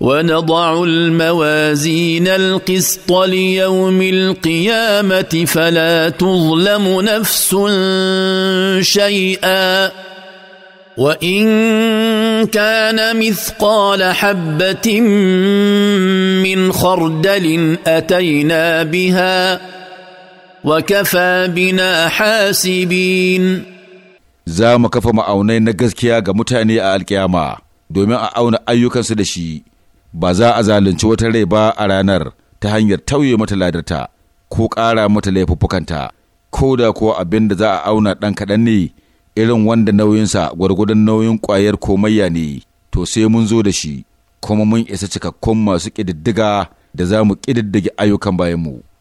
ونضع الموازين القسط ليوم القيامه فلا تظلم نفس شيئا وان كان مثقال حبه من خردل اتينا بها وكفى بنا حاسبين za mu kafa ma'aunai na gaskiya ga mutane a alkiyama domin a auna ayyukansu da shi ba za a zalunci wata rai ba a ranar ta hanyar tauye mata ladarta ko ƙara mata laifuffukanta ko da ko abin da za a auna ɗan kaɗan ne irin wanda nauyinsa gwargwadon nauyin ƙwayar komayya ne to sai mun zo da shi kuma mun isa cikakkun masu ƙididdiga da za mu ƙididdige ayyukan bayanmu.